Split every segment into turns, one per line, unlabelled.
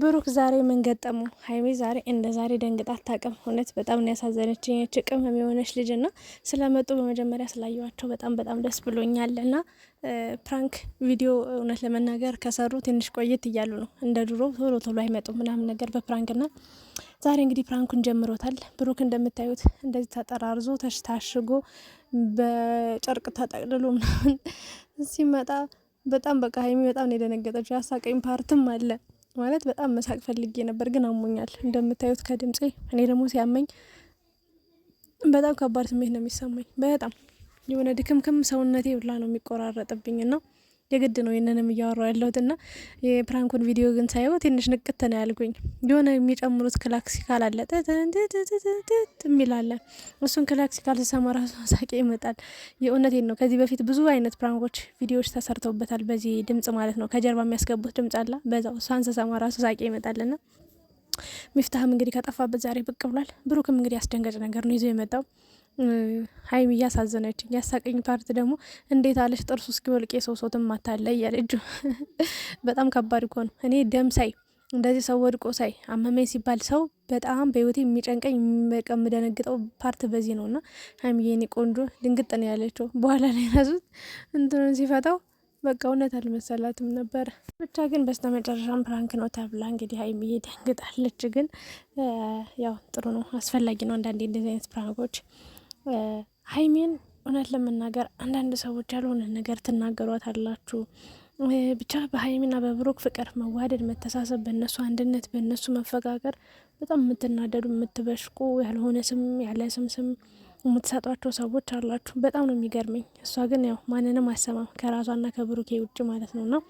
ብሩክ ዛሬ ምን ገጠመው? ሀይሚ ዛሬ እንደ ዛሬ ደንግጣ አታውቅም። እውነት በጣም ያሳዘነች ያሳዘነችኝ። ይህች የሆነች ልጅ ና ስለመጡ በመጀመሪያ ስላየዋቸው በጣም በጣም ደስ ብሎኛል። ና ፕራንክ ቪዲዮ እውነት ለመናገር ከሰሩ ትንሽ ቆየት እያሉ ነው። እንደ ድሮ ቶሎ ቶሎ አይመጡም ምናምን ነገር በፕራንክ ና ዛሬ እንግዲህ ፕራንኩን ጀምሮታል። ብሩክ እንደምታዩት እንደዚህ ተጠራርዞ ታሽጎ በጨርቅ ተጠቅልሎ ምናምን ሲመጣ በጣም በቃ ሀይሚ በጣም ነው የደነገጠችው። ያሳቀኝ ፓርትም አለ ማለት በጣም መሳቅ ፈልጌ ነበር፣ ግን አሞኛል እንደምታዩት ከድምፄ። እኔ ደግሞ ሲያመኝ በጣም ከባድ ስሜት ነው የሚሰማኝ። በጣም የሆነ ድክምክም ሰውነቴ ብላ ነው የሚቆራረጥብኝ ና የግድ ነው ይህንንም እያወራው ያለሁት እና የፕራንኩን ቪዲዮ ግን ሳየው ትንሽ ንቅት ነው ያልኩኝ። የሆነ የሚጨምሩት ክላክሲካል አለ ጥጥጥጥጥ የሚላለ እሱን ክላክሲካል ስሰማ ራሱ ሳቄ ይመጣል። የእውነቴን ነው። ከዚህ በፊት ብዙ አይነት ፕራንኮች ቪዲዮዎች ተሰርተውበታል። በዚህ ድምጽ ማለት ነው። ከጀርባ የሚያስገቡት ድምጽ አለ። በዛው እሷን ስሰማ ራሱ ሳቄ ይመጣልና ሚፍታህም እንግዲህ ከጠፋበት ዛሬ ብቅ ብሏል። ብሩክም እንግዲህ አስደንጋጭ ነገር ነው ይዞ የመጣው ሀይሚ እያሳዘነች ያሳቀኝ ፓርት ደግሞ እንዴት አለች ጥርሱ እስኪወልቅ የሰው ሶትም ማታለ እያለች በጣም ከባድ እኮ ነው። እኔ ደም ሳይ እንደዚህ ሰው ወድቆ ሳይ አመመኝ ሲባል ሰው በጣም በህይወቴ የሚጨንቀኝ የምደነግጠው ፓርት በዚህ ነው። እና ሀይሚ የኔ ቆንጆ ድንግጥ ነው ያለችው። በኋላ ላይ ራሱት እንትኑን ሲፈታው በቃ እውነት አልመሰላትም ነበረ። ብቻ ግን በስተ መጨረሻም ፕራንክ ነው ተብላ እንግዲህ ሀይሚ ደንግጣለች። ግን ያው ጥሩ ነው፣ አስፈላጊ ነው አንዳንዴ እንደዚህ አይነት ፕራንኮች ሀይሚን እውነት ለመናገር አንዳንድ ሰዎች ያልሆነ ነገር ትናገሯት አላችሁ። ብቻ በሀይሚና በብሩክ ፍቅር፣ መዋደድ፣ መተሳሰብ፣ በእነሱ አንድነት፣ በእነሱ መፈጋገር በጣም የምትናደዱ የምትበሽቁ ያልሆነ ስም ያለ ስም ስም የምትሰጧቸው ሰዎች አላችሁ። በጣም ነው የሚገርመኝ። እሷ ግን ያው ማንንም አሰማም ከራሷና ከብሩኬ ውጭ ማለት ነው። ና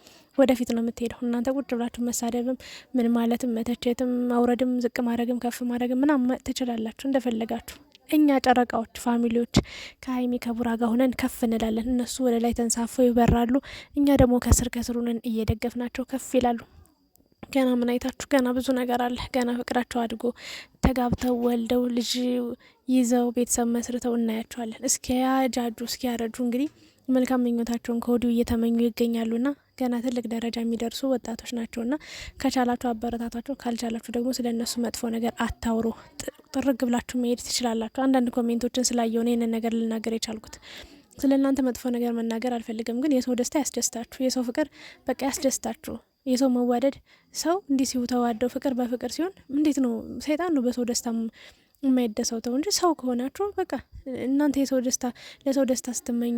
ወደፊት ነው የምትሄደው። እናንተ ቁጭ ብላችሁ መሳደብም ምን ማለትም መተቸትም ማውረድም ዝቅ ማድረግም ከፍ ማድረግም ምናምን ትችላላችሁ እንደፈለጋችሁ። እኛ ጨረቃዎች ፋሚሊዎች ከሀይሚ ከቡራ ጋር ሆነን ከፍ እንላለን። እነሱ ወደ ላይ ተንሳፈው ይበራሉ፣ እኛ ደግሞ ከስር ከስር ሆነን እየደገፍናቸው ከፍ ይላሉ። ገና ምን አይታችሁ? ገና ብዙ ነገር አለ። ገና ፍቅራቸው አድጎ ተጋብተው ወልደው ልጅ ይዘው ቤተሰብ መስርተው እናያቸዋለን። እስኪያጃጁ እስኪያረጁ እንግዲህ መልካም ምኞታቸውን ከወዲሁ እየተመኙ ይገኛሉና ገና ትልቅ ደረጃ የሚደርሱ ወጣቶች ናቸውና ከቻላችሁ አበረታታቸው፣ ካልቻላችሁ ደግሞ ስለ እነሱ መጥፎ ነገር አታውሩ። ጥርግ ብላችሁ መሄድ ትችላላችሁ። አንዳንድ ኮሜንቶችን ስላየሆነ ይህንን ነገር ልናገር የቻልኩት ስለ እናንተ መጥፎ ነገር መናገር አልፈልግም፣ ግን የሰው ደስታ ያስደስታችሁ፣ የሰው ፍቅር በቃ ያስደስታችሁ። የሰው መዋደድ ሰው እንዲህ ሲሁ ተዋደው ፍቅር በፍቅር ሲሆን እንዴት ነው ሰይጣን ነው በሰው ደስታ ተው እንጂ ሰው ከሆናችሁ በቃ እናንተ የሰው ደስታ ለሰው ደስታ ስትመኙ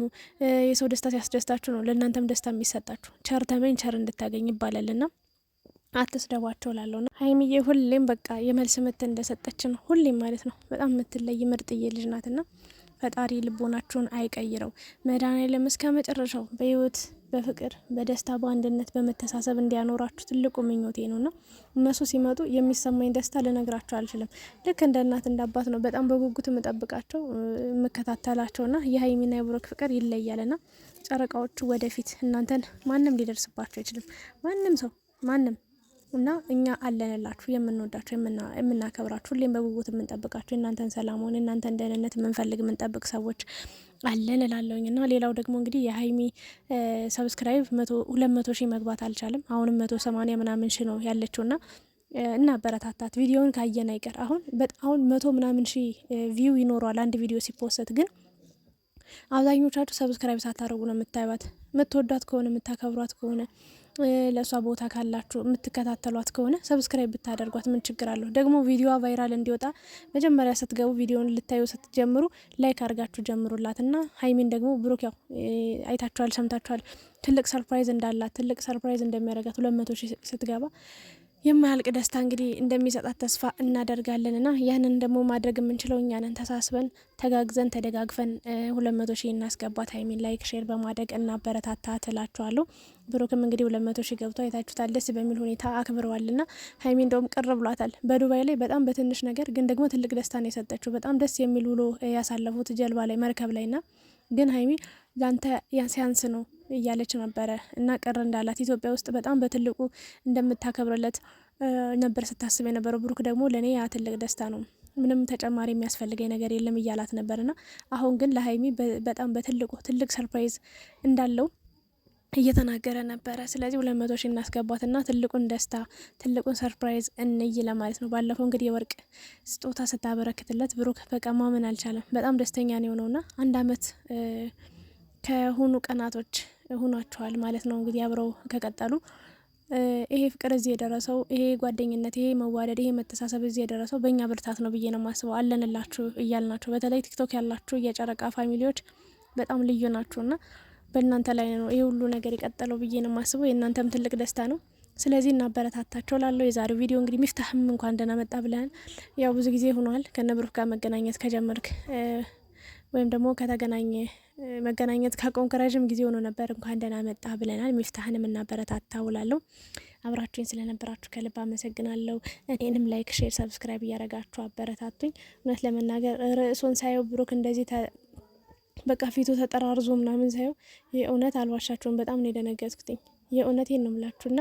የሰው ደስታ ሲያስደስታችሁ ነው ለእናንተም ደስታ የሚሰጣችሁ። ቸር ተመኝ ቸር እንድታገኝ ይባላልና አትስደቧቸው ላለው ነው። ሀይሚዬ ሁሌም በቃ የመልስ ምት እንደሰጠችን ሁሌም ማለት ነው። በጣም የምትለይ ምርጥዬ ልጅ ናት ና ፈጣሪ ልቦናችሁን አይቀይረው። መድኃኔዓለም እስከ መጨረሻው በህይወት በፍቅር በደስታ በአንድነት በመተሳሰብ እንዲያኖራችሁ ትልቁ ምኞቴ ነው ና እነሱ ሲመጡ የሚሰማኝ ደስታ ልነግራቸው አልችልም። ልክ እንደ እናት እንደ አባት ነው። በጣም በጉጉት የምጠብቃቸው የምከታተላቸው ና የሀይሚና የብሩክ ፍቅር ይለያል ና ጨረቃዎቹ ወደፊት እናንተን ማንም ሊደርስባቸው አይችልም። ማንም ሰው ማንም እና እኛ አለንላችሁ የምንወዳችሁ የምናከብራችሁ ሁሌም በጉጉት የምንጠብቃችሁ እናንተን ሰላሙን እናንተን ደህንነት የምንፈልግ የምንጠብቅ ሰዎች አለን እላለሁኝ። እና ሌላው ደግሞ እንግዲህ የሀይሚ ሰብስክራይብ ሁለት መቶ ሺህ መግባት አልቻለም። አሁንም መቶ ሰማንያ ምናምን ሺህ ነው ያለችውና እና በረታታት ቪዲዮውን ካየን አይቀር አሁን አሁን መቶ ምናምን ሺህ ቪው ይኖረዋል አንድ ቪዲዮ ሲፖሰት ግን አብዛኞቻችሁ ሰብስክራይብ ሳታደርጉ ነው የምታዩት። የምትወዷት ከሆነ የምታከብሯት ከሆነ ለእሷ ቦታ ካላችሁ የምትከታተሏት ከሆነ ሰብስክራይብ ብታደርጓት ምን ችግር አለሁ? ደግሞ ቪዲዮዋ ቫይራል እንዲወጣ መጀመሪያ ስትገቡ ቪዲዮን ልታዩ ስትጀምሩ ላይክ አድርጋችሁ ጀምሩላት እና ሀይሚን ደግሞ ብሩክ ያው አይታችኋል፣ ሰምታችኋል ትልቅ ሰርፕራይዝ እንዳላት ትልቅ ሰርፕራይዝ እንደሚያደርጋት ሁለት መቶ ሺህ ስትገባ የማያልቅ ደስታ እንግዲህ እንደሚሰጣት ተስፋ እናደርጋለን እና ያንን ደግሞ ማድረግ የምንችለው እኛንን ተሳስበን ተጋግዘን ተደጋግፈን ሁለት መቶ ሺህ እናስገባት ሀይሚን ላይክ ሼር በማድረግ እናበረታታ ትላችኋለሁ። ብሩክም እንግዲህ ሁለት መቶ ሺህ ገብቶ አይታችሁታል። ደስ በሚል ሁኔታ አክብረዋል ና ሀይሚ እንደውም ቅር ብሏታል። በዱባይ ላይ በጣም በትንሽ ነገር ግን ደግሞ ትልቅ ደስታ ነው የሰጠችው። በጣም ደስ የሚል ውሎ ያሳለፉት ጀልባ ላይ መርከብ ላይ ና ግን ሀይሚ ለአንተ ሲያንስ ነው እያለች ነበረ እና ቅር እንዳላት ኢትዮጵያ ውስጥ በጣም በትልቁ እንደምታከብርለት ነበር ስታስብ የነበረው። ብሩክ ደግሞ ለእኔ ያ ትልቅ ደስታ ነው፣ ምንም ተጨማሪ የሚያስፈልገኝ ነገር የለም እያላት ነበርና አሁን ግን ለሀይሚ በጣም በትልቁ ትልቅ ሰርፕራይዝ እንዳለው እየተናገረ ነበረ። ስለዚህ ሁለት መቶ ሺህ እናስገባትና ትልቁን ደስታ ትልቁን ሰርፕራይዝ እንይ ለማለት ነው። ባለፈው እንግዲህ የወርቅ ስጦታ ስታበረክትለት ብሩክ በቃ ማመን አልቻለም። በጣም ደስተኛ ነው የሆነውና አንድ አመት ከሆኑ ቀናቶች ሆኗቸዋል ማለት ነው። እንግዲህ አብረው ከቀጠሉ ይሄ ፍቅር እዚህ የደረሰው ይሄ ጓደኝነት፣ ይሄ መዋደድ፣ ይሄ መተሳሰብ እዚህ የደረሰው በእኛ ብርታት ነው ብዬ ነው የማስበው። አለንላችሁ እያልናችሁ፣ በተለይ ቲክቶክ ያላችሁ የጨረቃ ፋሚሊዎች በጣም ልዩ ናችሁና በእናንተ ላይ ነው ይሄ ሁሉ ነገር የቀጠለው ብዬ ነው የማስበው። የእናንተም ትልቅ ደስታ ነው። ስለዚህ እናበረታታቸው ላለው የዛሬው ቪዲዮ እንግዲህ ሚፍታህም እንኳን ደህና መጣ ብለን ያው ብዙ ጊዜ ሆኗል ከነ ጋር መገናኘት ከጀመርክ ወይም ደግሞ ከተገናኘ መገናኘት ካቆምክ ረዥም ጊዜ ሆኖ ነበር። እንኳን ደህና መጣ ብለናል። ሚፍታህንም እናበረታታ ውላለሁ። አብራችሁኝ ስለነበራችሁ ከልብ አመሰግናለሁ። እኔንም ላይክ፣ ሼር፣ ሰብስክራይብ እያደረጋችሁ አበረታቱኝ። እውነት ለመናገር ርዕሱን ሳየው ብሩክ እንደዚህ በቃ ፊቱ ተጠራርዞ ምናምን ሳየው የእውነት አልባሻቸውን በጣም ነው የደነገጥኩትኝ። የእውነቴን ነው ምላችሁና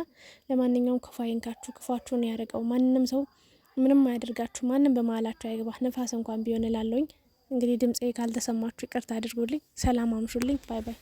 ለማንኛውም ክፉ አይንካችሁ፣ ክፋችሁን ያርቀው። ማንም ሰው ምንም አያደርጋችሁ፣ ማንም በመሀላችሁ አይግባ። ንፋስ እንኳን ቢሆን ላለውኝ እንግዲህ ድምፄ ካልተሰማችሁ ይቅርታ አድርጉልኝ። ሰላም አምሹልኝ። ባይ ባይ።